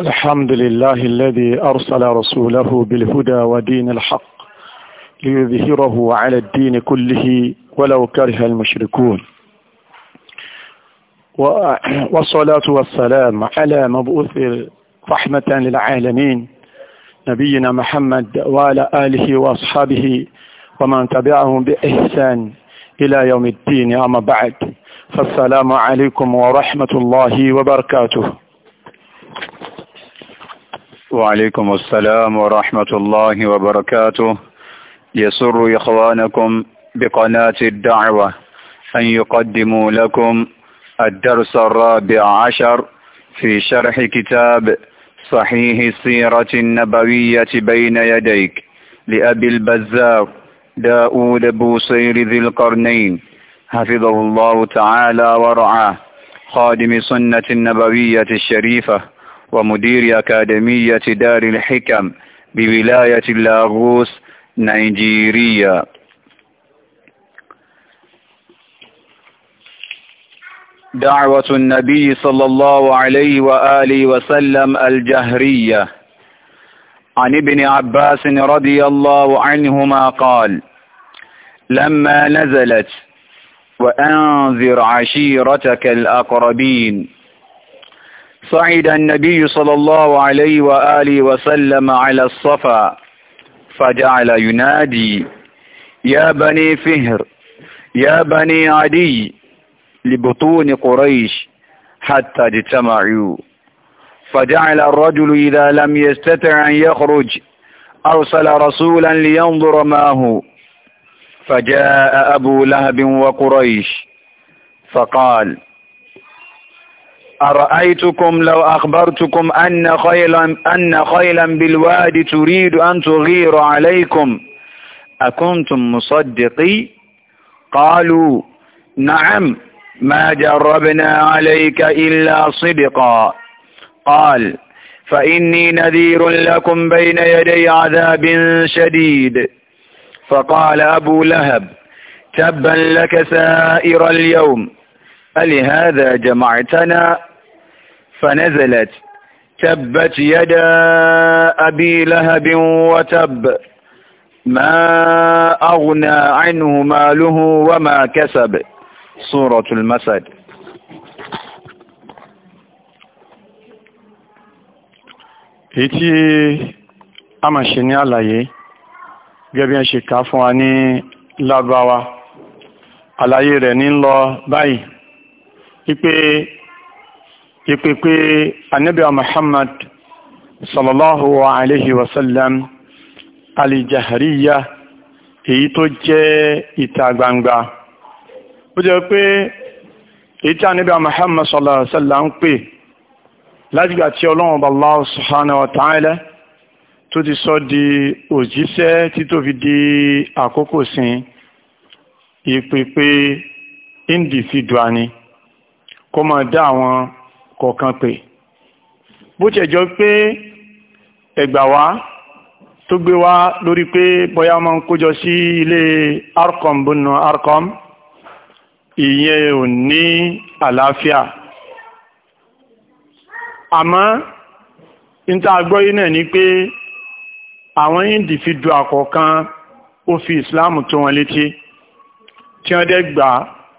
الحمد لله الذي أرسل رسوله بالهدى ودين الحق ليظهره على الدين كله ولو كره المشركون والصلاة والسلام على مبعوث رحمة للعالمين نبينا محمد وعلى آله وأصحابه ومن تبعهم بإحسان إلى يوم الدين أما بعد فالسلام عليكم ورحمة الله وبركاته وعليكم السلام ورحمة الله وبركاته يسر إخوانكم بقناة الدعوة أن يقدموا لكم الدرس الرابع عشر في شرح كتاب صحيح السيرة النبوية بين يديك لأبي البزار داود بوصير ذي القرنين حفظه الله تعالى ورعاه خادم سنة النبوية الشريفة ومدير أكاديمية دار الحكم بولاية لاغوس نيجيريا دعوة النبي صلى الله عليه وآله وسلم الجهرية عن ابن عباس رضي الله عنهما قال لما نزلت وأنذر عشيرتك الأقربين صعد النبي صلى الله عليه وآله وسلم على الصفا فجعل ينادي يا بني فهر يا بني عدي لبطون قريش حتى اجتمعوا فجعل الرجل إذا لم يستطع أن يخرج أرسل رسولا لينظر ما هو فجاء أبو لهب وقريش فقال أرأيتكم لو أخبرتكم أن خيلا, أن خيلا بالوادي تريد أن تغير عليكم أكنتم مصدقي قالوا نعم ما جربنا عليك إلا صدقا قال فإني نذير لكم بين يدي عذاب شديد فقال أبو لهب تبا لك سائر اليوم فلهذا جمعتنا فنزلت تبت يدا أبي لهب وتب ما أغنى عنه ماله وما كسب سورة المسد ètí a máa ṣe ní àlàyé gẹ́gẹ́ bí wọ́n ṣe kà fún wa ní lágbàwá àlàyé rẹ̀ ní lọ báyìí ipe ipe pé anabi muhammad sallallahu alayhi wa sallam alijahariya èyí tó jẹ́ ìta gbangba ó jẹ́ pé èyí tí anabi muhammad sallallahu alayhi wa sallam ń pè látìgbà tí ọlọ́run bá Allah subhanahu wa ta'ala tó ti sọ di òjíṣẹ́ tí tó fi di àkókò sin ìpèpè individual ni kó máa dá àwọn kọ̀ọ̀kan pè bó tiẹ̀ jọ pé ẹgbà wá tó gbé wá lórí pé bóyá máa ń kójọ sí ilé arkom bùnú arkom ìyẹn ò ní àlàáfíà àmọ́ níta agbọ́yé náà ni pé àwọn individual àkọ̀ọ̀kan ó fi ìsìláàmù tó wọn létí tí wọ́n dẹ́ gbà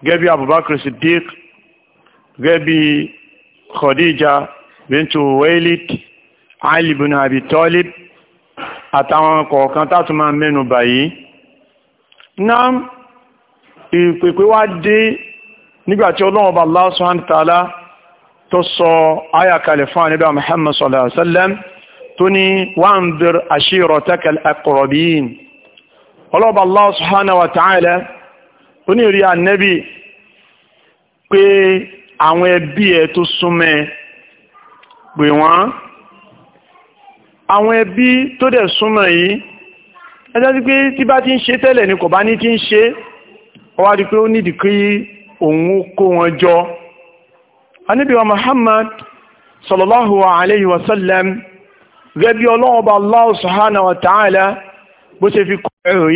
gẹ́bí Abubakar Siddiq gẹ́gẹ́ bí Khadija bintu Wailid Ali ibn Abi Talib àtàwọn kọ̀ọ̀kan tátù máa mẹ́nu báyìí náà ìpèpè wá dé nígbàtí Ọlọ́run bá Allah subhanahu wa ta'ala tó sọ ayakalẹ̀ fún àníbà Muhammad sallallahu alaihi wasallam tó ní wa'anzir ashiratakal aqrabin Ọlọ́run bá Allah àwọn ẹbí ẹ tó súnmọ́ ẹ pè wọ́n àwọn ẹbí tó dẹ̀ súnmọ́ yìí ẹjọ́ sí pé tí bá ti ń ṣe tẹ́lẹ̀ ni kò bá ní ti ń ṣe ó wá di pé ó nídìí kí òun kó wọn jọ Ànábì Muhammad sallallahu alayhi wa sallam gẹ́bí ọlọ́wọ́ bá wa ta'ala bó ṣe fi kọ́ ẹ̀rọ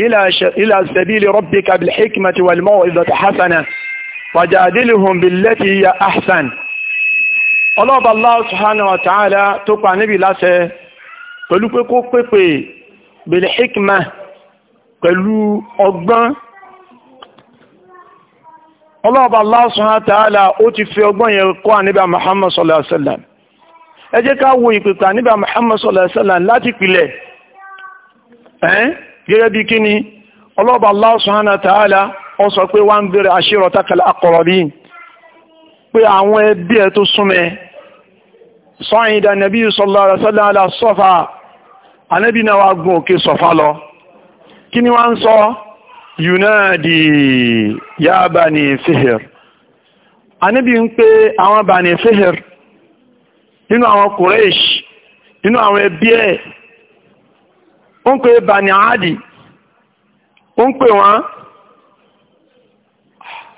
ila sabili rabbika bil hikmati wal maw'izati hasana wajadiluhum billati hiya ahsan ọlọ́ọ̀bà Allah subhanahu wa ta'ala tó pa níbi láṣẹ pẹ̀lú pé kó pépè bil hikma pẹ̀lú ọgbọ́n ọlọ́ọ̀bà Allah subhanahu wa ta'ala ó ti fi ọgbọ́n yẹn kọ́ àníbà Muhammad sallallahu alaihi wasallam ẹ jẹ́ ká wo ó sọ pé wá ń bèrè àṣírọ tákàlà àkọrọbí pé àwọn ẹbí ẹ tó súnmẹ sọyìn ìdá nàbí sallallahu alaihi wasallam ala sọfà ànábì náà wá gun òkè sọfà ya bani fihir ànábì ń pé bani fihir nínú àwọn Quraysh nínú àwọn ẹbí ẹ̀ bani adi ó ń pè wọ́n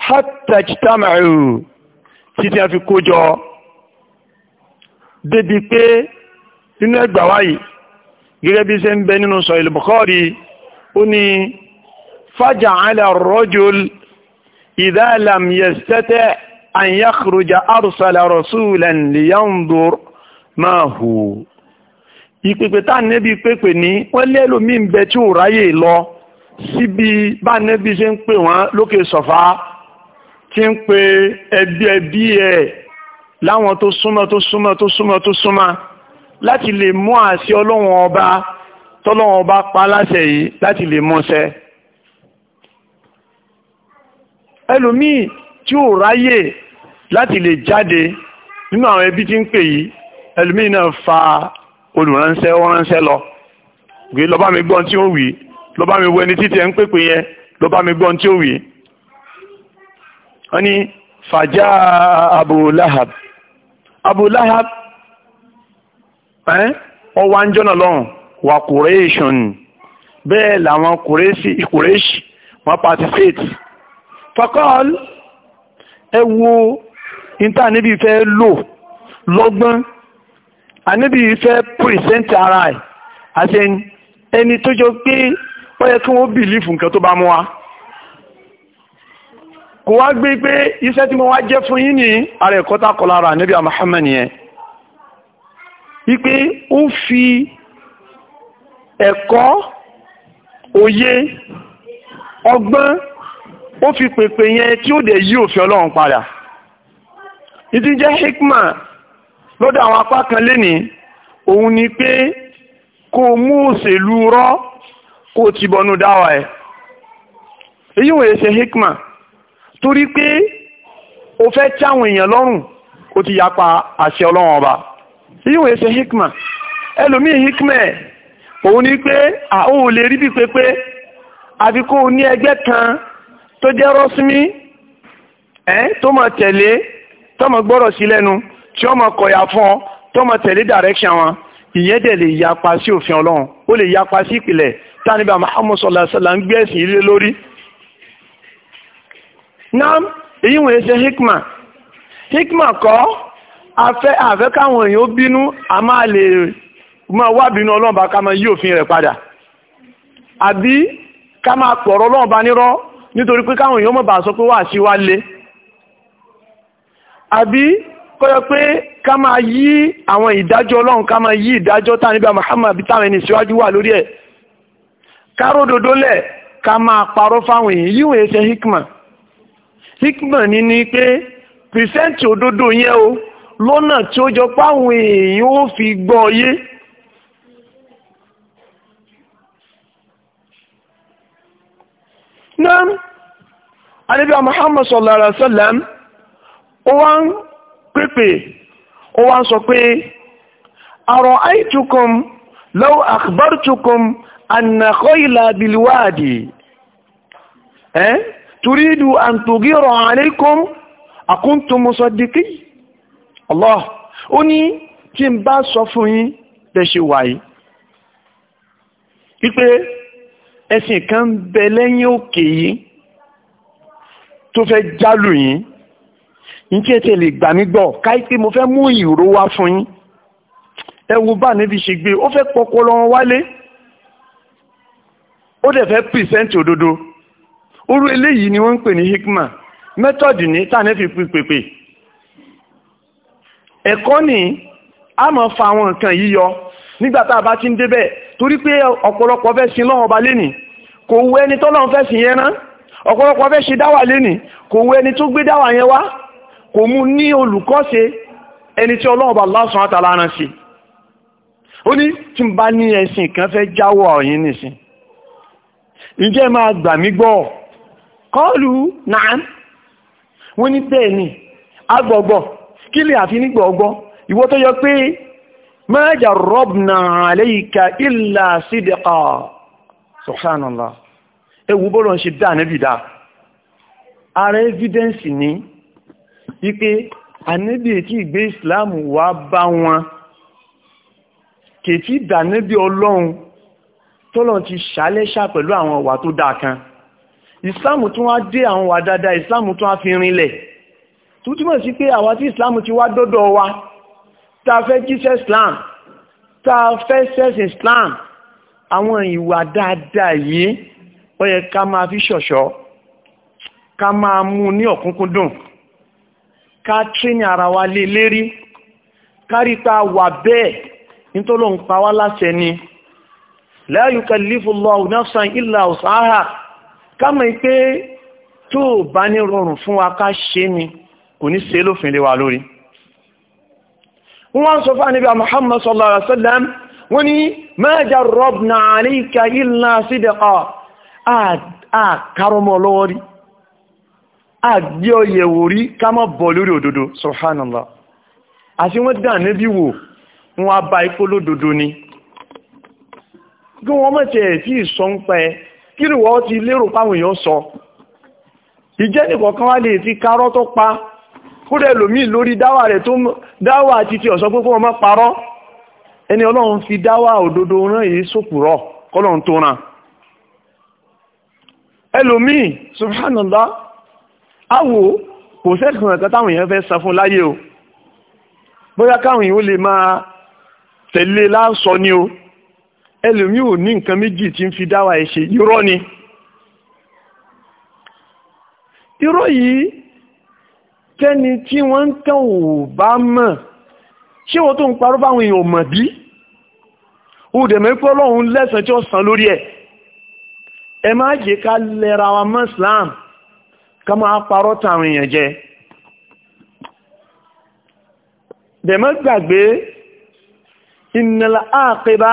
hatta ijtama'u títí a fi kó jọ débi pé nínú ẹgbà wáyìí gẹ́gẹ́ bí ṣe ń bẹ nínú sọ ìlú Bukhari ó ní faja'ala ar-rajul idha lam yastati' an yakhruja arsala rasulan liyanzur ma hu ìpèpè tá nẹ́bí pèpè ní wọ́n lé lómi ń bẹ tí ò ráyè lọ síbi bá nẹ́bí ṣe ń pè wọ́n lókè sọ̀fà tí ń pe ẹbí ẹbí ẹ̀ láwọn tó súnmọ́ tó súnmọ́ tó súnmọ́ tó súnmọ́ láti lè mú àṣẹ ọlọ́wọ́n ọba tọ́lọ́wọ́n ọba pa láṣẹ yìí láti lè mú ṣẹ. ẹlòmíì tí ò ráyè láti lè jáde nínú àwọn ẹbí tí ń pè yìí ẹlòmíì náà fa olùránṣẹ́ ọ̀ránṣẹ́ lọ gbé lọ́ba mi gbọ́n tí ó wì lọ́ba mi wọ ẹni títí ẹ ń pèpè yẹn lọ́ba mi gbọ́n tí ó wì í wọ́n ní fàjá Abu Lahab Abu Lahab ọwọ́ anjọ́ náà lọ́hùn wà kùrẹ́ṣùn bẹ́ẹ̀ làwọn kùrẹ́ṣì ìkùrẹ́ṣì wọ́n participate fakọ́l ẹ wo níta níbi fẹ́ lò lọ́gbọ́n àníbi fẹ́ present ara ẹ̀ àti ẹni tó jọ pé ó yẹ kí wọ́n bìlífù nǹkan tó bá mú wa kò wá gbé pé iṣẹ́ tí mo wá jẹ́ fún yín ní ààrẹ ẹ̀kọ́ta kọlára níbi Muhammad yẹn wípé ó fi ẹ̀kọ́ òye ọgbọ́n ó fi pèpè yẹn tí ó dẹ̀ yí òfin ọlọ́run padà ìdí jẹ́ hikma lọ́dọ̀ àwọn apá kan lẹ́ni òun ni pé kò mú òṣèlú rọ́ kò tìbọnú dáwà ẹ̀ èyí wòye ṣe hikma torí pé o fẹ́ tí èèyàn lọ́rùn o ti yapa àṣẹ ọlọ́run ọba yíò ẹsẹ̀ hikma ẹlòmíì hikma òun ni pé àwọn ò lè rí bí pépé àfi kó o ní ẹgbẹ́ kan tó jẹ́ rọ́símí ẹ́ tó mọ̀ tẹ̀lé tó gbọ́rọ̀ sí lẹ́nu tí wọ́n mọ̀ kọ̀yà fún ọ tó tẹ̀lé yapa sí òfin ọlọ́run ó yapa sí ìpìlẹ̀ tánibà Muhammad sallallahu alaihi wasallam náà èyí wọ̀nyí ṣe hikma hikma kọ́ afẹ́ afẹ́ káwọn bínú a máa lè máa wá bínú ọlọ́ọ̀bá ká máa yí òfin rẹ̀ padà àbí ká máa pọ̀rọ̀ ọlọ́ọ̀bá nírọ́ nítorí pé káwọn èèyàn mọ̀ sọ pé wà sí wá lé àbí kọ́yọ pé ká máa yí àwọn ìdájọ́ ọlọ́run ká máa yí ìdájọ́ tánibà Muhammad bí táwọn ẹni síwájú wà lórí ẹ̀ ká lẹ̀ ká máa parọ́ fáwọn hikman ni ni pé pìrìsẹ́ǹtì òdodo yẹn o lọ́nà tí ó jọ páwọn èèyàn ó fi gbọ́ yé. náà adébíyà Muhammad sallallahu alaihi wasallam sallam ó wá ń pèpè ó wá ń sọ pé àrọ̀ àìtùkùn lọ́wọ́ àkbártùkùn ànàkọ́ Eh? turidu an tugira alaykum akuntum musaddiqi Allah ó ní tí n bá sọ fún yín bẹ́ ṣe wà yìí wípé ẹ̀sìn kan ń bẹ lẹ́yìn òkè yìí tó fẹ́ jálù yín ní tí ẹ tẹ̀ lè gbà mí gbọ́ káyí pé mo fẹ́ mú ìró wá fún yín ẹ wo bá níbi ṣe gbé ó fẹ́ pọpọlọ wọn wálé ó dẹ̀ fẹ́ pìrìsẹ́ǹtì òdodo orú eléyìí ni wọ́n ń pè ní hikma mẹ́tọ́dì ní tàní fi pípèpè ẹ̀kọ́ ni a mọ̀ fa àwọn nǹkan yìí yọ nígbà tá a bá ti ń débẹ̀ torí pé ọ̀pọ̀lọpọ̀ fẹ́ sin lọ́wọ́ ọba lénìí kò wú ẹni tọ́lọ́run fẹ́ sin yẹn rán ọ̀pọ̀lọpọ̀ fẹ́ ṣe dáwà lénìí kò wú ẹni tó gbé dáwà yẹn wá kò mú ní olùkọ́ṣe ẹni tí ọlọ́run bá lásán àtàlà sí ó ní tí n bá ní ẹ̀sìn kan fẹ́ jáwọ́ ọ̀yìn nìsín ǹjẹ́ máa gbà mí gbọ́ kọlù náà wọ́n ní bẹ́ẹ̀ ni agbọ̀gbọ̀ kí lè àfi ní gbọ̀gbọ́ ìwọ tó yọ pé mẹ́jà rọ́bùnà àlẹ́yìká ìlà sídẹ̀kà subhanallah ewu bọ́lọ̀ ń ṣe dá níbi dá ara evidence ní wípé àníbì tí ìgbé islam wà bá wọn kèfí dà níbi ọlọ́run tọ́lọ̀ ti ṣàlẹ́ṣà pẹ̀lú àwọn ọ̀wà tó dáa kan ìsìláàmù tún wá dé àwọn wà dáadáa ìsìláàmù tún wá fi rinlẹ̀ tó túmọ̀ sí pé àwa tí ìsìláàmù ti wá dọ́dọ̀ wa tá fẹ́ jíṣẹ́ islam tá fẹ́ sẹ́sìn islam àwọn ìwà dáadáa yìí ó yẹ ká máa fi ṣọ̀ṣọ́ ká máa mú ní ọ̀kúnkúndùn ká tírín ara wa lé lérí kárípa wà bẹ́ẹ̀ nítorí òun pa wá láṣẹ ni la yukallifu Allahu nafsan illa kámọ̀ pé tó bá ní rọrùn fún wa ká ṣe ni kò ní ṣe lófin lé wa lórí wọ́n sọ fún àníbí Muhammad sallallahu alaihi wasallam wọ́n ní ma jarrabna illa sidqa àkàrọmọ lọ́wọ́ rí àgbé ọyẹ̀wò rí ká mọ́ subhanallah àti wọ́n dà níbi wò wọ́n á bá ipò lódodo ni kí wọ́n mọ̀ tẹ̀ tí ìsọ́ ń kí ni wọ́n ti lérò fáwọn èèyàn sọ ìjẹ́ nìkọ̀ọ̀kan wá lè ti karọ́ tó pa kúrẹ́ lòmí lórí dáwà rẹ̀ tó dáwà títí ọ̀sọ́ pé kó má parọ́ ẹni ọlọ́run fi dáwà òdodo rán èyí sòpùrọ̀ kọ́lọ̀n tó ràn ẹlòmí subhanallah awo kò sẹ́kùn ẹ̀kan táwọn èèyàn fẹ́ san fún láyé o bóyá káwọn èèyàn ó lè máa tẹ̀lé láńsọ ni o ẹlòmí ò ní nǹkan méjì tí ń fi dáwà ẹ̀ ṣe irọ́ ni irọ́ yìí tẹ́ni tí wọ́n ń tàn ò bá mọ̀ ṣé wọ́n tó ń parọ́ báwọn èèyàn mọ̀ bí ó dẹ̀mẹ́ pé ọlọ́run lẹ́sàn tí ó san lórí ẹ̀ ẹ má jẹ́ ká lẹ́ra wa mọ́ ká máa parọ́ tàwọn èèyàn jẹ dẹ̀mẹ́ gbàgbé ìnàlá àkẹbá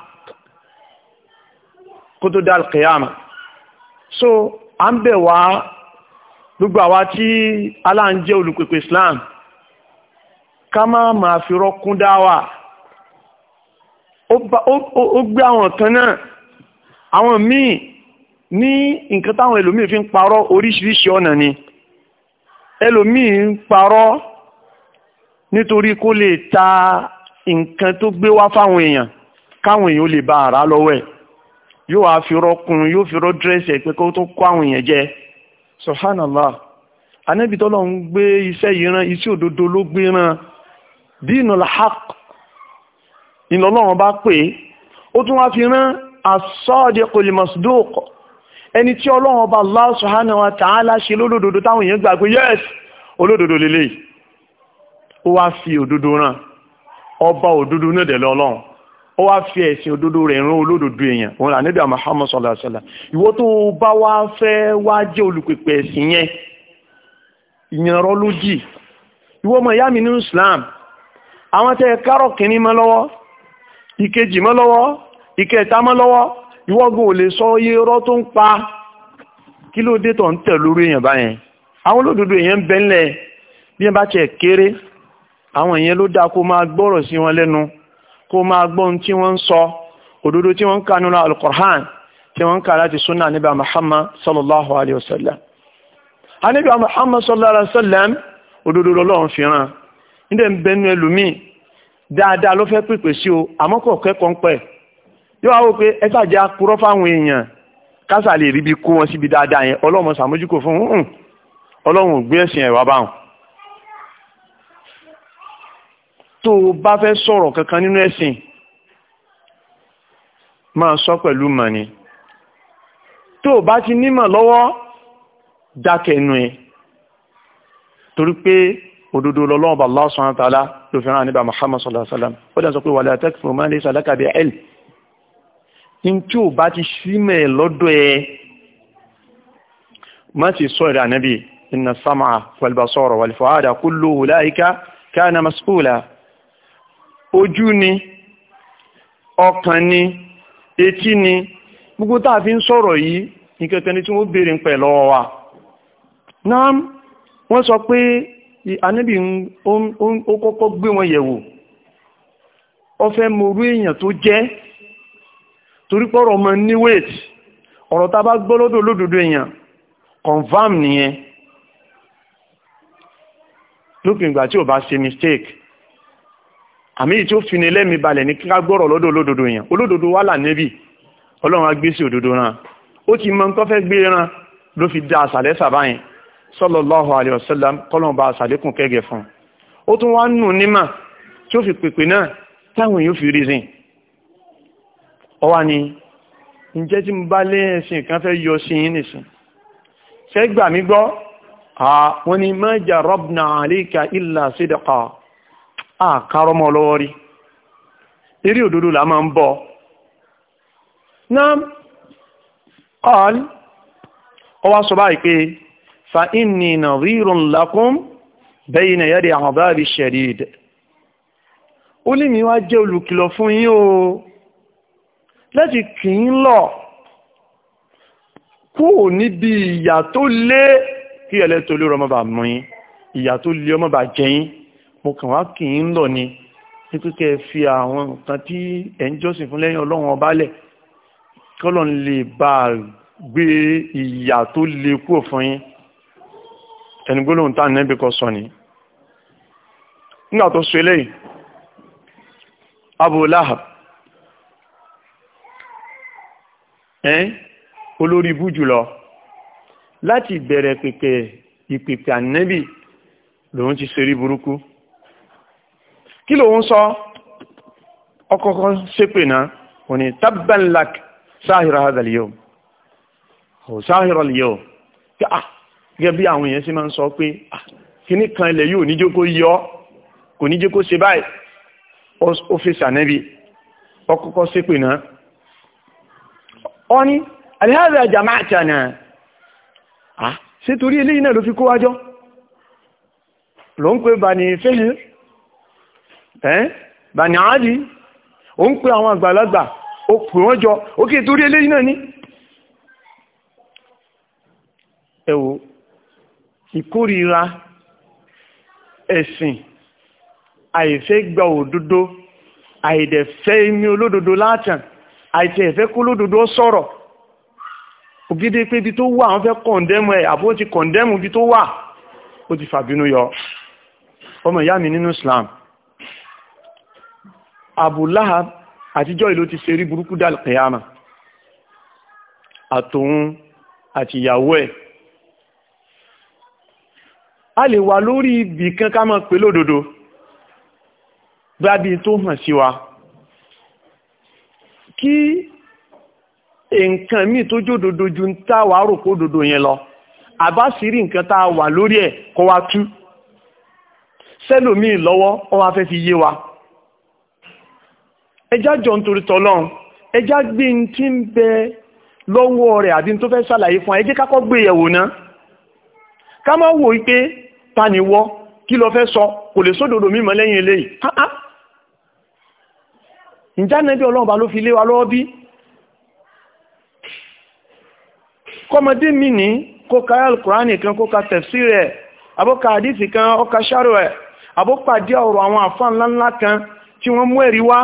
kó tó dá alkiyama so a ń bẹ̀ wá gbogbo àwa tí aláǹjẹ́ olùpèpè Islam ká má máa fi rọ́kún dá wà ó gbé àwọn kan náà àwọn míì ní nǹkan táwọn ẹlòmíì fi ń parọ́ oríṣiríṣi ọ̀nà ni ẹlòmíì ń parọ́ nítorí kó lè ta nǹkan tó gbé wá fáwọn èèyàn káwọn èèyàn ó lè bá ara lọ́wọ́ ẹ̀ yóò wá fi rọ́kùn yóò fi rọ́ dírẹ́sì pé kó tó kó àwọn èèyàn jẹ subhanallah anábì tọ́lọ̀ ń gbé iṣẹ́ yìí rán iṣẹ́ òdodo ló gbé rán dinul haqq ìlọ́lọ́run bá pè é ó tún wá fi rán as-sadiqul ẹni tí ọlọ́run ọba Allah subhanahu wa ta'ala ṣe lólódodo táwọn èèyàn gbàgbé yes olódodo lélẹ́yìí ó wá fi òdodo rán ọba òdodo náà dẹ̀ lọ́lọ́run ó wá fi ẹ̀sìn òdodo rẹ̀ rán olódodo èèyàn òun àníbi Muhammad sallallahu ìwọ tó bá wá fẹ́ wá jẹ́ olùpèpè ẹ̀sìn yẹn ìyànrọ́ ló jì ìwọ ọmọ ìyá ní Islam àwọn tẹ kárọ̀ kìíní mọ́ lọ́wọ́ ìkejì mọ́ lọ́wọ́ ìkẹta mọ́ lọ́wọ́ ò lè sọ iye tó ń pa kí ló dé ń tẹ̀ lórí èèyàn báyẹn àwọn olódodo èèyàn ń bẹ́ńlẹ̀ bí wọ́n bá kéré àwọn èèyàn ló dáa kó máa gbọ́n tí wọ́n ń sọ òdodo tí wọ́n ń kà nínú alukur'an tí wọ́n ń kà láti súnà níbi Muhammad sallallahu alayhi wa sallam anibi Muhammad sallallahu alayhi wa sallam òdodo lọ́lọ́run fìràn níbẹ̀ ń bẹnu ẹlòmíì dáadáa ló fẹ́ pèpè sí o àmọ́ kò kẹ́kọ̀ọ́ ń pẹ̀ yóò wá wò ọlọ́run sàmójúkò ẹ̀sìn ẹ̀wà báwọn tó o bá fẹ́ sọ̀rọ̀ kankan nínú ẹ̀sìn máa sọ pẹ̀lú mọ̀ ni tó o bá ti nímọ̀ lọ́wọ́ dákẹ́nu ẹ̀ torí pé òdodo lọ́lọ́wọ́ bá Allah subhanahu wa ta'ala ló fi rán àníbà Muhammad sallallahu alaihi wasallam ó dẹ̀ sọ pé wala takfu ma laysa laka bihi ilm kana mas'ula ojú ni ọkàn ni etí ni gbogbo tá a fi ń sọ̀rọ̀ yìí nǹkankan ni tí wọ́n béèrè ń pẹ̀ lọ́wọ́ wa náà wọ́n sọ pé anábì ó kọ́kọ́ gbé wọn yẹ̀wò ó fẹ́ mọ orú èèyàn tó jẹ́ torí pọ́rọ̀ ọmọ ní ọ̀rọ̀ tá bá gbọ́ lọ́dọ̀ lódodo èèyàn confam nìyẹn lópin ìgbà tí ò bá ṣe mistake àmì tí ó fini lẹ́mi balẹ̀ ní kíká gbọ́rọ̀ lọ́dọ̀ olódodo yẹn olódodo wà là níbi ọlọ́run agbésí òdodo ran ó ti mọ nǹkan fẹ́ gbé ran ló fi da àsàlẹ̀ sàbá yẹn sallallahu alaihi wasallam kọ́lọ́n ba àsàlékùn kẹ́gẹ̀ fún ó tún wá nù nímà tí ó fi pèpè náà táwọn yóò fi rí sìn ọ wá ní ǹjẹ́ tí mo bá lé ẹ̀sìn kan fẹ́ yọ sí yín nìsín ṣé gbà mí gbọ́ àwọn ni ma jarabna alayka illa sidqa àkárọ́mọ́ lọ́wọ́ rí eré òdodo là máa ń bọ́ náà qal ó wá sọ báyìí pé fa inni nadhirun lakum bayna yadi adhabi shadid ó lè mi wá jẹ́ olùkìlọ̀ fún yín o láti kì í lọ kúrò níbi ìyà tó lé kí ẹlẹ́tọ́ lé ọmọ bà mú yín ìyà tó lé ọmọ bà jẹ mo kàn wá kì í ń lọ ni ní kíkẹ́ fi àwọn nǹkan tí ẹ̀ ń jọ́sìn fún lẹ́yìn ọlọ́run ọba lẹ̀ kọ́lọ̀ ń lè bá a gbé ìyà tó le kúrò fún yín ẹni gbólóhùn tá nẹ́bí kọ sọ ni nígbà tó sọ eléyìí Abu Lahab olórí ibú jùlọ láti bẹ̀rẹ̀ pẹ̀pẹ̀ ìpẹ̀pẹ̀ ànẹ́bì lòun ti ṣe rí burúkú kí ló ń sọ ọkọ̀ọ̀kọ́ ṣépè náà ò ní tabban lak sáhìrà hadha al-yawm ò sáhìrà al-yawm pé à ah, gẹ́gẹ́ bí àwọn èèyàn sì máa ń sọ pé ah, kíní kan ilẹ̀ yóò níjẹ́ kó yọ kò níjẹ́ kó ṣe báyìí ó fi sànẹ́bí ọkọ̀ọ̀kọ́ ṣépè náà ọ ní alihada jama'atana ah, ṣe torí eléyìí náà ló fi kó wájọ́ ló ń pè bá ní fẹ́hìn ẹ́ bani ali ó ń pe àwọn àgbàlagbà ó pè wọ́n jọ ó kí torí eléyìí náà ní ẹ wò ìkórìíra ẹ̀sìn àìfẹ́ gba òdodo àìdẹ̀fẹ́ imi olódodo látàn àìfẹ́ ẹ̀fẹ́ kó lódodo sọ̀rọ̀ ògidè pé ibi tó wà wọ́n fẹ́ kọ̀ndẹ́mù ẹ̀ àbó ti kọ̀ndẹ́mù ibi tó wà ó ti fàbínú yọ ọmọ ìyá mi nínú Islam Abu Lahab àtijọ́ ìlú ti ṣe rí burúkú dal qiyama àtòun àti ìyàwó ẹ̀ a lè wà lórí ibì kan ká mọ́ pé lódodo gbábi tó hàn sí wa kí nǹkan míì tó jódodo ju ń táwà rò kó dodo yẹn lọ àbá sì rí nǹkan tá a wà lórí ẹ̀ kọ́ tú sẹ́lòmíì lọ́wọ́ ó wá fẹ́ fi yé wa ẹjá jọ nítorí tọ́lọ́n ẹjá gbé ń tí ń bẹ lọ́wọ́ rẹ̀ àbí tó fẹ́ ṣàlàyé fún ẹjẹ́ kákọ́ gbé yẹ̀wò náà ká má wò pé ta ni wọ́ kí lọ fẹ́ sọ kò lè sódòdó mímọ̀ lẹ́yìn eléyìí ǹjẹ́ ànábì ọlọ́run bá ló fi lé wa lọ́wọ́ bí kọmọdé mi ní kó ka alukurani kan kó ka tafsir rẹ̀ abọ́ka àdìsí kan ọka ṣáàrò ẹ̀ abọ́pàdé ọ̀rọ̀ àwọn àfáà ńláńlá kan tí wọ́n mú ẹ̀rí wá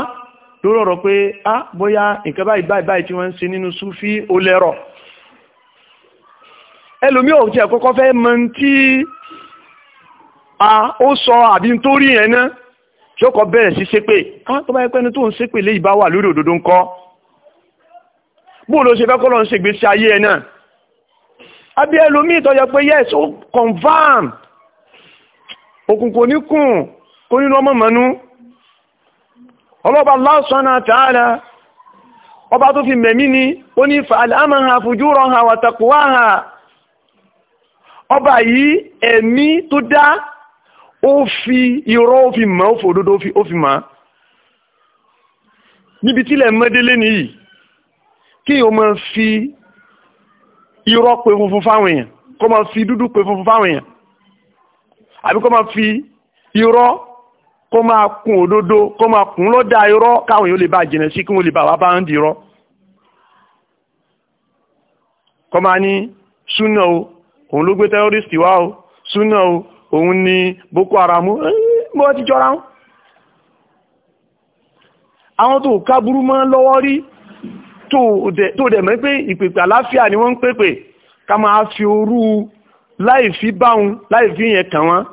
tó rọrọ pé á ah, bóyá nǹkan báyìí báyìí báyìí tí wọ́n ń ṣe nínú súfí ó lẹ́rọ̀ ẹlòmí ò tiẹ̀ kọ́kọ́ fẹ́ mọ tí a ó sọ àbí tó rí yẹn ná tí ó kọ bẹ̀rẹ̀ sí ṣépè á ah, tó bá yẹ pẹ́ni tó ń ṣépè léyìí bá wà lórí òdodo ńkọ́ bó ló ṣe fẹ́ kọ́ lọ́n ṣègbésí ayé ẹ̀ náà àbí ẹlòmí ìtọ́jọ pé yes ó confirm òkùnkùn oníkùn kó nínú ọmọ mọ́nú ọlọ́ba Allah subhanahu wa ta'ala ọba tó fi mẹ̀mí ni ó ní fa'alhamaha fujuraha wa taqwaha ọba yìí ẹ̀mí tó dá ó fi irọ́ ó fi mọ́ ó fi òdodo ó fi mọ́ níbi tílẹ̀ mọ́délé nìyí kí o máa fi irọ́ pè funfun fáwọn èèyàn kó máa fi dúdú pè funfun fáwọn èèyàn àbí kó máa fi irọ́ kó máa kun òdodo kó máa kun lọ́dà irọ́ káwọn yóò lè bá jìnà sí kí wọ́n lè bá wá bá ń di kọ́ máa ní súnà o òun ló gbé terrorist wá o súnà o òun ni boko haram mọ́ ti jọra wọn àwọn tó kábúrú mọ́ lọ́wọ́ rí tó dẹ̀ mọ́ pé ìpèpè àláfíà ni wọ́n ń pèpè ká máa fi orú láì fi báhun láì fi yẹn kàn wọ́n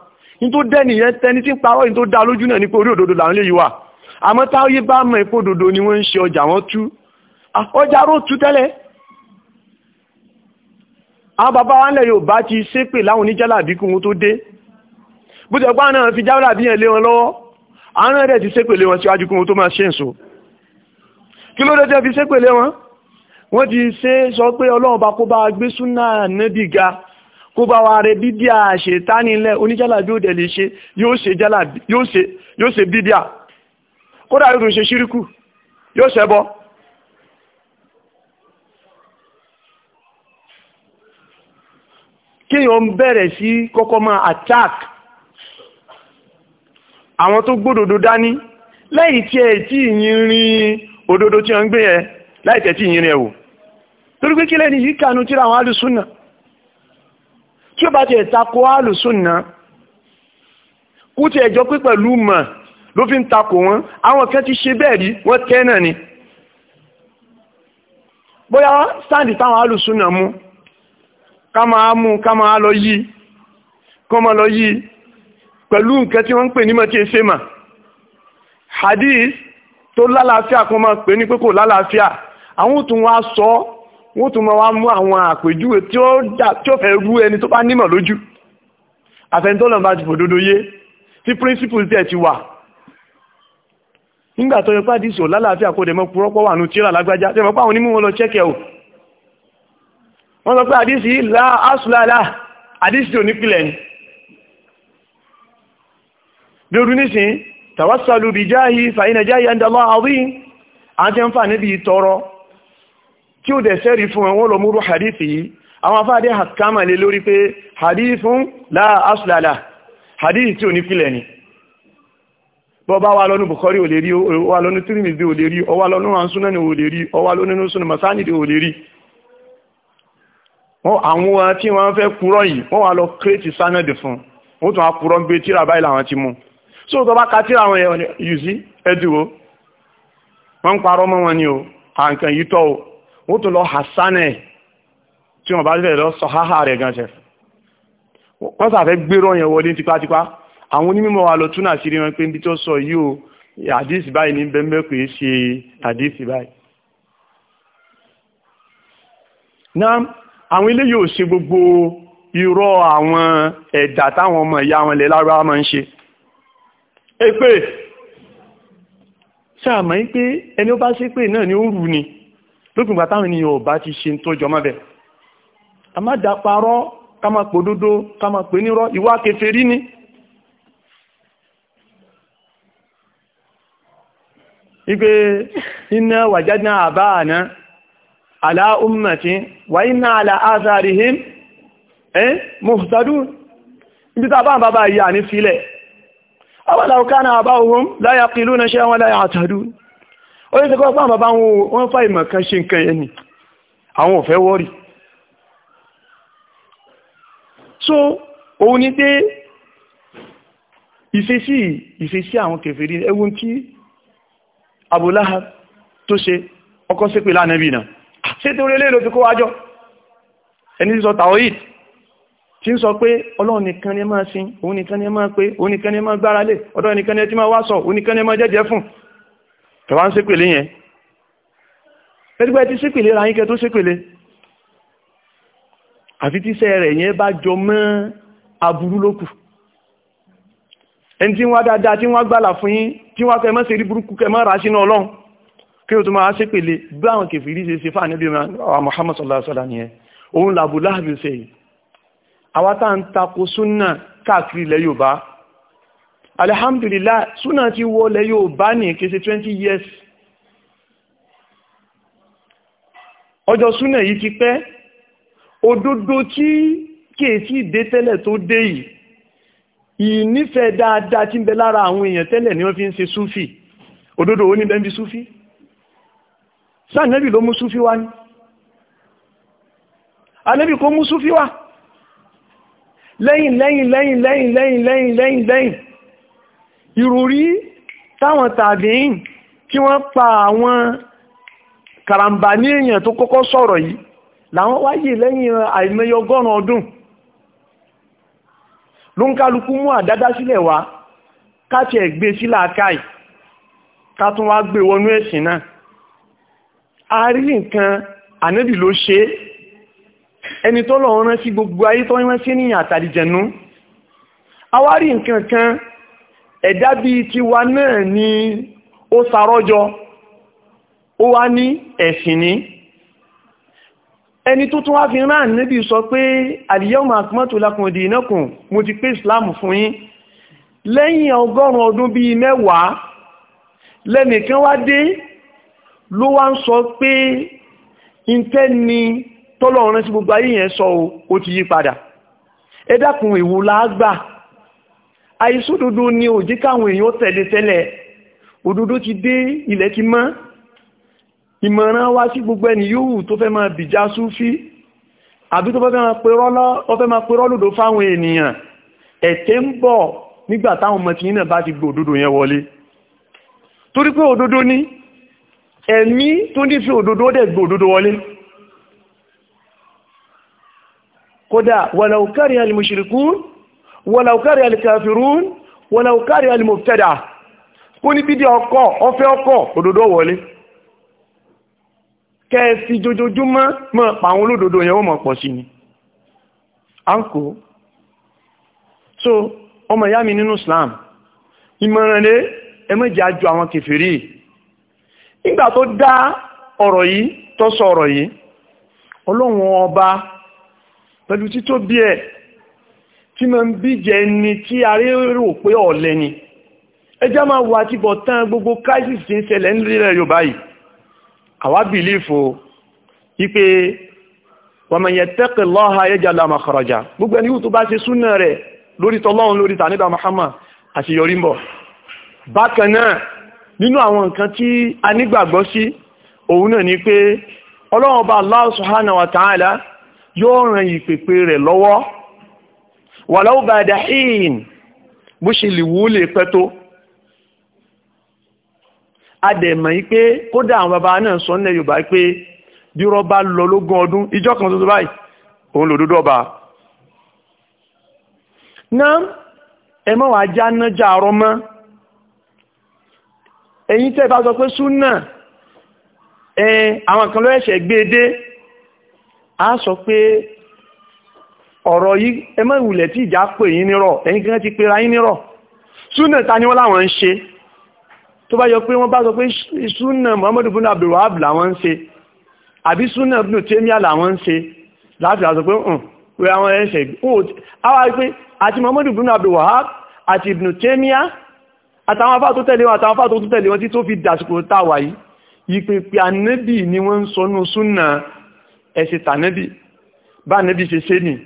ní tó dẹ́ nìyẹn tẹni tí ń parọ́ ní tó dá lójú náà ní pé orí òdodo làwọn léyìí wà àmọ́ táyé bá mọ̀ ipò òdodo ni wọ́n ń ṣe ọjà wọn tú ọjà ró tú tẹ́lẹ̀ àwọn bàbá wa ńlẹ̀ Yorùbá ti ṣépè láwọn oníjálàbí kí wọn tó dé bó ti ọgbà náà fi jálàbí yẹn lé wọn lọ́wọ́ àwọn ẹ̀rẹ́ ti ṣépè lé wọn síwájú kí wọn tó máa ṣe èso kí ló dé tẹ́ fi ṣépè lé wọn wọ́n ti ṣe sọ pé Ọlọ́run bá kó bá gbé súnà nẹ́bì ga kó bá wa rẹ bídíà ṣètánilẹ̀ oníjálàbí ò dẹ̀lẹ̀ ṣe yóò ṣe bídíà kódà yóò ṣe ṣíríkù yóò ṣẹbọ kí yóò ń bẹ̀rẹ̀ sí kọ́kọ́ máa attack àwọn tó gbódòdó dání lẹ́yìn tí ẹ tí ìyìnrin òdodo tí wọ́n ń gbé ẹ láìtẹ̀ tí ìyìnrin ẹ̀wò torí pé kí lẹ́ni yìí kànú tíra àwọn alùsùn náà tí ó bá ti ẹ̀takò alùsùnà kú ti ẹjọ́ pé pẹ̀lú mọ̀ ló fi ń takò wọn àwọn kan ti ṣe bẹ́ẹ̀ rí wọ́n tẹ́ náà ni bóyá sáàdì táwọn alùsùnà mú ká máa mú ká máa lọ yí kọ́ máa lọ yí pẹ̀lú nǹkan tí wọ́n ń pè ní mọ́tí ẹsẹ́ mà hadith tó lálàáfíà kan máa pè ní pé kò lálàáfíà àwọn òtún wọn sọ wọ́n tún mọ́ wá mú àwọn àpèjúwe tí ó fẹ́ rú ẹni tó bá nímọ̀ lójú àfẹ́ntọ́lọ̀ bá ti fòdodo yé tí principles tẹ̀ ti wà nígbà tó yẹpá dìsí ò lálàáfíà kó dẹ̀mọ́ púrọ́pọ̀ wà ní tíra lágbájá tẹ́mọ́ pàwọn onímú wọn lọ chẹ́kẹ̀ ò wọ́n sọ pé àdìsí láàásùláàlá àdìsí ò nípìlẹ̀ ni bí orú nísìn tàwásàlù bìjáhì fàyínàjáhì àndàlọ́ àwí àti ẹnfà níbi ìtọrọ tí ó dẹ̀ sẹ́rí fún wọn lọ múrú hadithi yìí àwọn afáàdé hakama lè lórí pé hadithun láà aslala hadithi tí ò ní fílẹ̀ ni bọ́ bá wà lọ́nu Bukhari ò lè rí ọwà lọ́nu Tirmidhi ò lè rí ọwà lọ́nu ansunani ò lè rí ọwà lọ́nu sunu masanidi ò lè rí àwọn tí wọ́n so tó bá ka tíra àwọn yìí sí ẹdùwó wọ́n wọ́n tó lọ hasanẹ̀ tí wọ́n bá fẹ́ lọ sọ háhà rẹ̀ gan ṣe wọ́n sàfẹ́ gbérò yẹn wọlé tipátipá àwọn onímọ̀ wa lọ túnà sí rí wọn pé níbi tó sọ yìí o àdíìsì báyìí ní bẹ́ẹ̀ pé ṣe àdíìsì báyìí náà àwọn ilé yóò ṣe gbogbo irọ́ àwọn ẹ̀dà táwọn ọmọ ìyá wọn lè lára máa ń ṣe èpè sáàmà ń pé ẹni ó bá ṣépè náà ni ó rù ni lópin ìgbà táwọn ènìyàn ò bá ti ṣe tó jọmọ́ bẹ̀ a má dá parọ́ ká máa pò dúdú ká máa pè nírọ́ ìwà kèfèrí ni ipe iná wàjádná àbáàná ala ummati wà iná ala azarihim eh muhtadun ibi tàbá bàbá yìí ní filẹ̀ awọ́lá ọkánà àbáhùn la yaqiluna shay'an wa la ya'tadun ó yẹ kọ́ pàmò bá wọn fà ìmọ̀ kan ṣe nǹkan yẹn ni àwọn ò wọ́rì so òun ni pé ìfesí ìfesí àwọn kèfèrí ẹwọ́n tí Abu Lahab tó ṣe ọkọ́ sí pé lánàbì náà ṣe tó rẹ̀ lèrò fi kó wájọ́ ẹni sọ tàwọ́yìd tí ń sọ pé ọlọ́run nìkan ni máa sin òun nìkan ni máa pé òun tọ́wá ń ṣépèlé yẹn ẹgbẹ́ ti ṣépèlé ra yínkẹ tó ṣépèlé àfi tí iṣẹ́ rẹ̀ yẹn bá jọ mọ́ aburú lókù ẹni tí wọ́n dáadáa tí wọ́n gbàlà fún yín tí wọ́n kẹ́ mọ́ sí rí burúkú kẹ́ mọ́ rà sínú ọlọ́run kí o tó máa ṣépèlé bí alhamdulillah súnà ti wọlẹ̀ yóò bá ní kése 20 years ọjọ́ suna yìí ti pẹ́ òdodo tí kéèsí dé tẹ́lẹ̀ tó dé yìí ìnífẹ̀ẹ́ dáadáa tí ń bẹ lára àwọn èèyàn tẹ́lẹ̀ ni wọ́n fi ń ṣe súfì òdodo ó ní bẹ́ẹ̀ bí súfì sáà nẹ́bì ló mú súfì wá ní anẹ́bì kó mú súfì wá lẹ́yìn lẹ́yìn lẹ́yìn lẹ́yìn lẹ́yìn lẹ́yìn lẹ́yìn lẹ́yìn ìròrí táwọn tàbíìn tí wọ́n pa àwọn kàràmbà ní èèyàn tó kọ́kọ́ sọ̀rọ̀ yìí làwọn wáyé lẹ́yìn àìmọye ọgọ́rùn ọdún ló ń kálukú mú àdádá sílẹ̀ wá káàkiri ẹ̀gbẹ́ sílà káì ká wá gbé wọnú ẹ̀sìn náà a rí nǹkan ànábì ló ṣe ẹni tó lọ rán sí gbogbo ayé tó rán sí níyàn àtàlìjẹ̀nú a wá rí nǹkan kan ẹ̀dá bíi tiwa náà ni ó sarọ́jọ ó wá ní ẹ̀sìn ní ẹni tó tún wá fi rán níbi sọ pé al-yawma akmaltu lakum dinakum mo ti pé islam fún yín lẹ́yìn ọgọ́rùn ọdún bíi mẹ́wàá lẹ́nìkan wá dé ló wá ń sọ pé ìtẹ́ ni tọ́lọ̀run sí gbogbo ayé yẹn sọ ó ti yí padà ẹ dákun èwo àìsódodo ni ò jẹ́ káwọn èèyàn tẹ̀lé tẹ́lẹ̀ òdodo ti dé ilẹ̀ ti mọ́ ìmọ̀ràn wá sí gbogbo ẹni yóò tó fẹ́ máa bìjá súfí àbí tó fẹ́ máa pèrọ́ lòdó fáwọn ènìyàn ẹ̀tẹ́ ń bọ̀ nígbà táwọn ọmọ tí náà bá ti gbò òdodo yẹn wọlé torí pé òdodo ni ẹ̀mí tó ní fi òdodo dẹ̀ gbò òdodo wọlé kódà wàlàukari al-mushrikun walau kariha al-kafirun walau kariha al-mubtada kó ní bídí ọkọ̀ ọfẹ́ ọkọ̀ òdòdó wọlé kẹ́ẹ̀sì jojoojúmọ́ mọ́ pàwọn olódodo yẹn ó mọ̀ pọ̀ sí ni a ń kó so ọmọ ìyá mi nínú Islam ìmọ̀ràn lé ẹmọ́jẹ́ ajú àwọn kèfèrí nígbà tó dá ọ̀rọ̀ yìí tó ọ̀rọ̀ yìí ọlọ́run ọba pẹ̀lú títóbi ẹ̀ tí ma ń bíjẹ ni tí aré rò pé ọ̀lẹ ni ẹjá máa wà tí bọ̀ tán gbogbo crisis ti ń ṣẹlẹ̀ ń rí rẹ̀ yorùbá yìí àwa bìlífò wípé wa man yattaqillaha yaj'al lahu makhraja gbogbo ẹni tó bá ṣe súnà rẹ̀ lórí tọlọ́run lórí tàníbà Muhammad àṣeyọrí ń bọ̀ bákan náà nínú àwọn nǹkan tí a nígbàgbọ́ sí òun náà ni pé ọlọ́run ọba Allah subhanahu wa ta'ala yóò ràn ìpèpè rẹ̀ lọ́wọ́ wàláwù bá dàhín bó ṣe lè wú lè pẹ́ tó adẹ̀mọ̀ yìí pé kódà àwọn bàbá náà sọ nílẹ̀ yorùbá pé bí rọ́bà lọ lógún ọdún ìjọ kan tuntun báyìí òun lò dúdú ọba náà ẹ mọ́ já ná já mọ́ ẹ̀yin tẹ́ bá sọ pé súnà ẹ àwọn kan ló ẹ̀ṣẹ̀ gbé dé a sọ pé ọ̀rọ̀ yìí ẹ má wulẹ̀ tí ìjà pè yín nírọ̀ ẹ̀yin kan ti pera yín nírọ̀ súnà ta ni wọ́n láwọn ń ṣe tó bá yọ pé wọ́n bá sọ pé súnà muhammadu bin abdulwahab làwọn ń ṣe àbí súnà bin tèmíà làwọn ń ṣe láti àṣọ pé hàn pé àwọn ẹ̀ṣẹ̀ àwọn pé àti muhammadu bin abdulwahab àti ibn tèmíà àtàwọn afá tó tẹ̀lé wọn àtàwọn afá tó tẹ̀lé wọn tí tó fi dàsìkò táwà yìí ìpèpè ànábì ni wọ́n ń sọnù súnà ẹ̀sìn tànábì bá ànábì ṣe ṣe nìí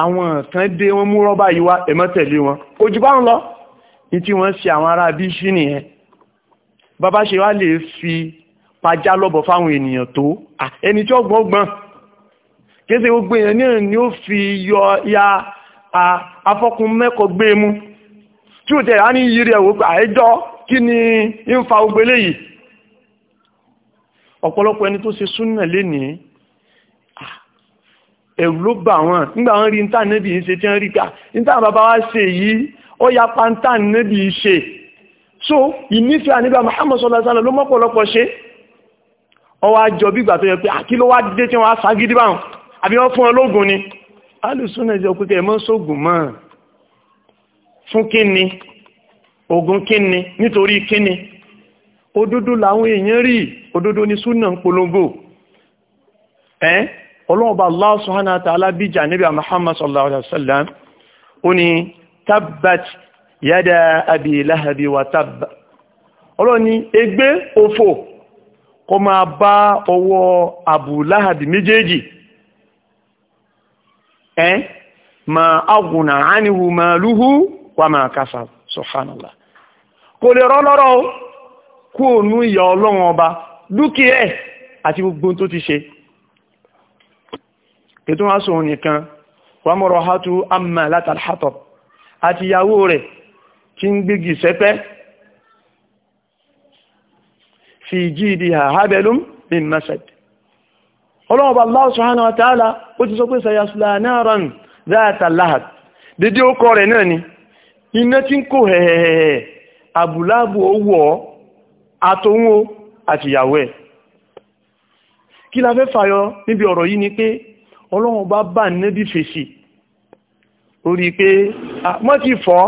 àwọn kan dé wọn mú rọ́bà yìí wá ẹ̀mọ́ tẹ̀lé wọn kò jù bá ń lọ ní tí wọ́n ṣe àwọn ará bí ṣí nìyẹn bàbá ṣe wá lè fi pajá lọ́bọ̀ fáwọn ènìyàn tó ẹni tí ọgbọ́n gbọ́n kéde gbogbo èèyàn náà ni ó fi yọ ya afọ́kun mẹ́kọ̀ọ́ gbé mú tí ò tẹ̀lé á ní yí rẹ̀ wò pé àìjọ kí ni ń fa gbogbo eléyìí ọ̀pọ̀lọpọ̀ ẹni tó ṣe súnà lénìí ẹ̀rù ló bà wọ́n nígbà wọ́n rí níta níbi yìí tí wọ́n rí ká ah, níta bàbá wa ṣe yìí ó ya pantá níbi yìí so ìnífẹ́ àníbà Muhammad sọlá sálà ló mọ́pọ̀lọpọ̀ ṣe ọwọ́ àjọ bí ìgbà tó yẹ pé àkí ah, ló wá dé tí wọ́n á ságídí báwọn àbí wọ́n fún ọ lóògùn ni alùsùn náà jẹ́ pé làwọn èèyàn rí òdodo ni súnà ń polongo ẹ́ ọlọ́ọ̀bá Allah subhanahu wa ta'ala bí jàníbà Muhammad sallallahu alaihi wasallam ó ní tabbat yada abi lahabi wa tabba ọlọ́ni egbé òfò kó máa bá ọwọ́ Abu Lahabi méjèèjì ẹ́ ma aghna anhu maluhu wa ma kasab subhanallah kò lè rọ́lọ́rọ́ kú ònú ìyà ọlọ́run ọba dúkìá àti gbogbo tó ti ṣe kìtún wá sóhun nìkan wà mọ́rọ̀ hátú àmà látàlátọ̀ àti ìyàwó rẹ̀ kí ń gbígi sẹ́pẹ́ fi jíìdì àhábẹ̀lúm ní masad ọlọ́ọ̀bà Allah subhanahu wa ta'ala ó ti sọ pé sayasla naran dáàtà láhàt dédé ó kọ rẹ̀ náà ni iná tí ń kò hẹ̀hẹ̀hẹ̀ àbùláàbù owó àtòun àti kí la fẹ́ fàyọ níbi ọ̀rọ̀ yìí ni pé ọlọ́run bá bá nẹ́bí fèsì lórí pé wọ́n ti fọ́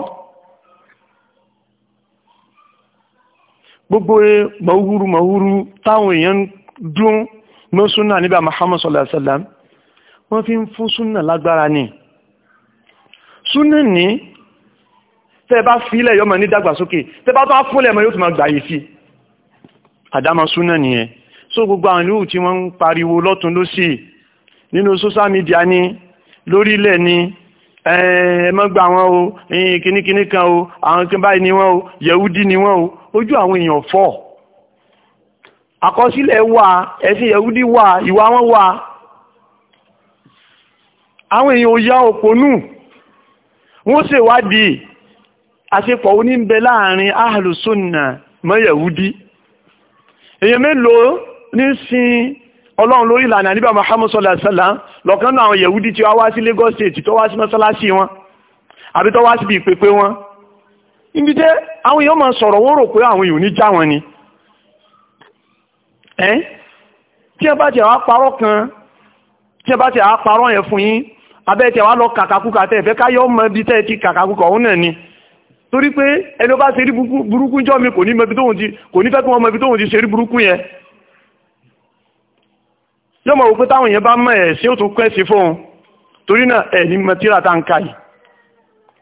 gbogbo mọ̀húrú mọ̀húrú táwọn èèyàn dún mọ́ súnà níbà Muhammad sallallahu alaihi wasallam wọ́n fi ń fún súnà lágbára ni súnà ní tẹ́ bá fílẹ̀ yọmọ ní dàgbàsókè tẹ́ bá tó fúnlẹ̀ mọ́ yóò tún máa so gbogbo àwọn ìlú tí wọ́n ń pariwo lọ́tún lósì nínú social media ni lórílẹ̀ ni ẹ má gbà wọn o kìnnìkìnnì kan o àwọn kan báyìí ni wọn o yẹ̀wúdí ni wọn o ojú àwọn èèyàn fọ́ àkọsílẹ̀ wà ẹ̀sìn yẹ̀wúdí wà ìwà wọn wà àwọn èèyàn ò ya òpónú wọ́n ṣèwádìí àṣepọ̀ oníbẹ̀ láàrin ahlùsùnà mọ́ yẹ̀wúdí èèyàn mélòó ní sin ọlọ́run lórí ìlànà àníbà Muhammad sallallahu alaihi wasallam lọ́kàn náà àwọn yẹ̀wúdí tí wá sí Lagos state tó wá sí mọ́sálásí wọn àbí tó wá síbi ìpèpè wọn ibi jẹ́ àwọn èèyàn máa sọ̀rọ̀ wọ́n rò pé àwọn èèyàn ní já wọn ni ẹ́n tí ẹ bá tẹ̀ wá parọ́ kan tí ẹ bá tẹ̀ wá parọ́ yẹn fún yín abẹ́ tẹ̀ wá lọ kàkàkùkà tẹ̀ fẹ́ káyọ́ mọ ibi tẹ́ ti kàkàkùkà òun náà ni torí pé ẹni ó bá ṣe rí burúkú jọ́ mi kò ní fẹ́ kí wọ́n mọ ibi tóun ti ṣe rí burúkú yẹn yóò mọ̀ wípé táwọn èèyàn bá mọ̀ ẹ̀ sí ó tún kẹ́sì fóun torí náà ẹ̀ ní mọ̀tíra tá ń ka yìí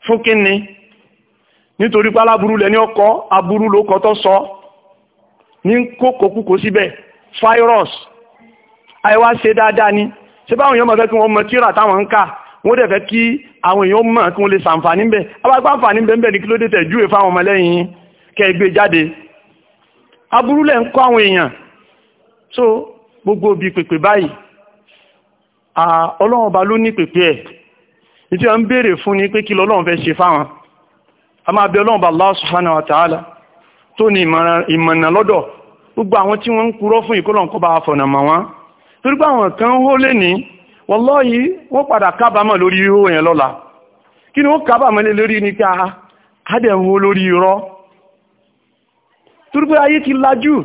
fún kínni nítorí pé aláburú lẹni ọkọ̀ aburú ló kọ́ tó sọ ní kókòkúkò síbẹ̀ fáírọ́s àìwá ṣe dáadáa ni ṣé báwọn èèyàn mọ̀ fẹ́ kí wọ́n mọ̀tíra táwọn ń kà wọ́n dẹ̀ fẹ́ kí àwọn èèyàn mọ̀ kí wọ́n lè ṣàǹfààní bẹ́ẹ̀ abágbá àǹfààní bẹ́ẹ̀ bẹ́ẹ̀ ni kí ló dé tẹ̀ fáwọn ọmọlẹ́yìn kẹ́ gbé jáde aburú lẹ́ ń kọ́ àwọn èèyàn so gbogbo bí pèpè báyìí ọlọ́run ọba ló ní pèpè ẹ̀ ìtí wọ́n ń béèrè fún ni pé kí lọ́lọ́run fẹ́ ṣe fáwọn a máa bẹ ọlọ́run ọba Allah subhanahu wa ta'ala tó ní ìmọ̀nà lọ́dọ̀ gbogbo àwọn tí wọ́n ń purọ́ fún ìkọlọ̀nkọ́ bá fọ̀nà mọ̀ wọ́n torí pé àwọn kan hó lé ní wallahi wọ́n padà kábàámọ̀ lórí ihò yẹn lọ́la kí ni wọ́n kábàámọ̀ lé lórí ní ká kádẹ̀ ah, ń hó lórí irọ́ torí pé ayé ti lajú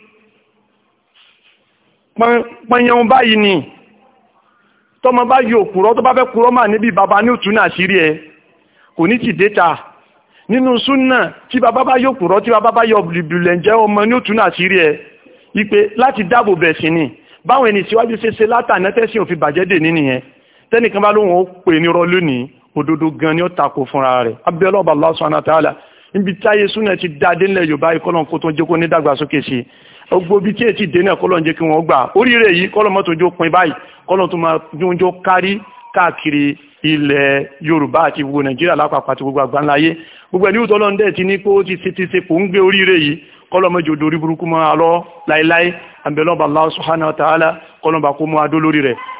pọnyanwó báyìí ni tọ́mọ bá yóò kúrọ́ tó bá fẹ́ kúrọ́ mà níbi bàbá ní òtún náà sírí ẹ kò ní ti déta nínú súnà tí bàbá bá yóò kúrọ́ tí bàbá bá yọ bìbìlẹ̀ jẹ́ ipe láti dáàbò bẹ̀ sí ni báwọn ẹni síwájú ṣe ṣe látàná tẹ́sìn òfin bàjẹ́ dè nínú òdodo gan ni ó tako fúnra rẹ̀ abẹ́lọ́ba Allah subhanahu wa ta'ala níbi táyé súnà ti dáadé ńlẹ̀ yorùbá ikọ́lọ́n kó tó ń jẹ́ sí i gbogbo bí tí èti dènà kọ́lọ́n jẹ́ kí wọ́n gbà oríire yìí kọ́lọ́n mọ́tò jó pin báyìí kọ́lọ́n tó máa jó kárí káàkiri ilẹ̀ yorùbá àti gbogbo nàìjíríà lápapọ̀ àti gbogbo àgbáńláyé gbogbo ẹni tó lọ́n dẹ̀ ti ní pé ó ti ti ṣe kò ń gbé oríire yìí kọ́lọ́n mọ́jọ dorí burúkú mọ́ alọ́ láéláé àbẹ̀lọ́ba Allah subhanahu wa ta'ala kọ́lọ́n bá adó lórí rẹ̀